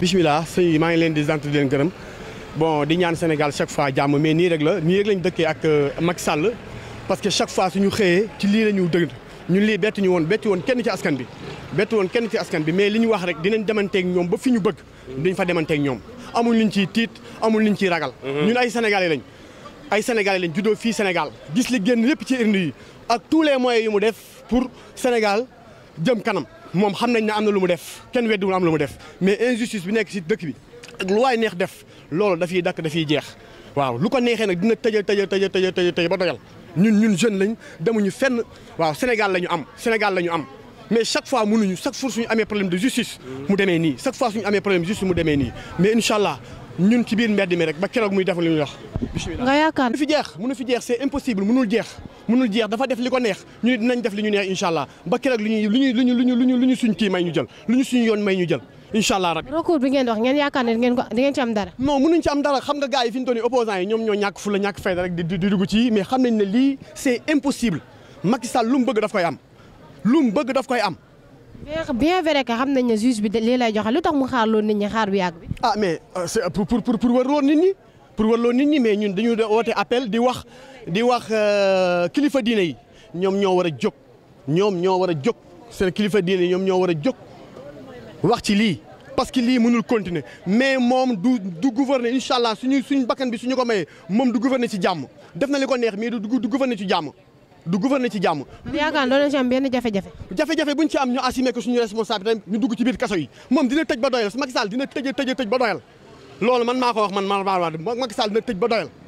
bisimilah sëñ maa ngi leen di sant leen gërëm bon di ñaan Sénégal chaque fois jàmm mais nii rek la nii rek lañ dëkkee ak euh, Macky Sall parce que chaque fois su ñu xëyee ci lii la ñu dëgg ñun lii bettu ñu woon bettu woon kenn ci askan bi bettu woon kenn ci askan bi mais li ñu wax rek dinañ demanteeg ñoom ba fi ñu bëgg duñ fa demanteeg ñoom amul liñ ci tiit amul ñu ciy ragal mhm. ñun ay sénégalais lañ ay sénégalais lañ juddoo fii Sénégal gis li génn lépp ci urne yi ak les moyens yu mu def pour Sénégal jëm kanam moom xam nañ ne am na lu mu def kenn weddiwul am lu mu def mais injustice bi nekk si dëkk bi lu waay neex def loolu dafiy dakk dafiy jeex waaw lu ko neexee nag dina tëjal tëjal tëjal tëjal tëjal tëjal ba doyal ñun ñun jeune lañ demuñu fenn waaw Sénégal la ñu am Sénégal la ñu am mais chaque fois mënuñu chaque fois suñu amee problème de justice mu demee nii chaque fois suñu amee problème de justice mu demee nii mais incha allah ñun ci biir mbedd mi rek ba keroog muy def li ñuy wax. bisimilah nga yaakaar fi jeex mënu fi jeex c'est impossible mënul jeex mënul jeex dafa def li ko neex ñu ne dinañ def lu ñu neex incha allah ba keroog li ñuy lu ñuy ñu lu ñu lu ñu suñ kii may ñu jël lu ñu suñ yoon may ñu jël incha allah rabbi recours bi ngeen wax ngeen yaakaar ne ngeen ko ngeen ci am dara non mënuñ ci am dara xam nga gars yi fi ñu toll nii opposants yi ñoom ñoo ñàkk fu la ñàkk di di ci mais xam nañ ne lii c'est lu mu bëgg daf koy am lu mu bëgg daf koy am bien vrai que xam nañ ne juge bi lii lay joxe lu tax mu xaar loon nit ñi xaar bu yàgg bi. ah mais euh, pour pour pour warloon nit ñi pour warloon nit ñi mais ñun dañu woote appel di wax di wax euh, kilifa diine yi ñoom ñoo war a jóg ñoom ñoo war a jóg kilifa diine yi ñoom ñoo war a jóg wax ci lii. parce que lii mënul continuer mais moom du du gouverner incha allah suñu suñu bakkan bi suñu ko mayee moom du gouverner ci jàmm def na li ko neex mais du du gouverner ci jàmm. du gouverner ci jàmm. yaakaar naa loolu ci am benn jafe-jafe. jafe-jafe bu ñu ci am ñu assumer ko suñu responsabilité ñu dugg ci biir kaso yi moom dina tëj ba doyal Macky Sall dina tëj tëj tëj ba doyal loolu man maa ko wax man maa maa wax Macky Sall dina tëj ba doyal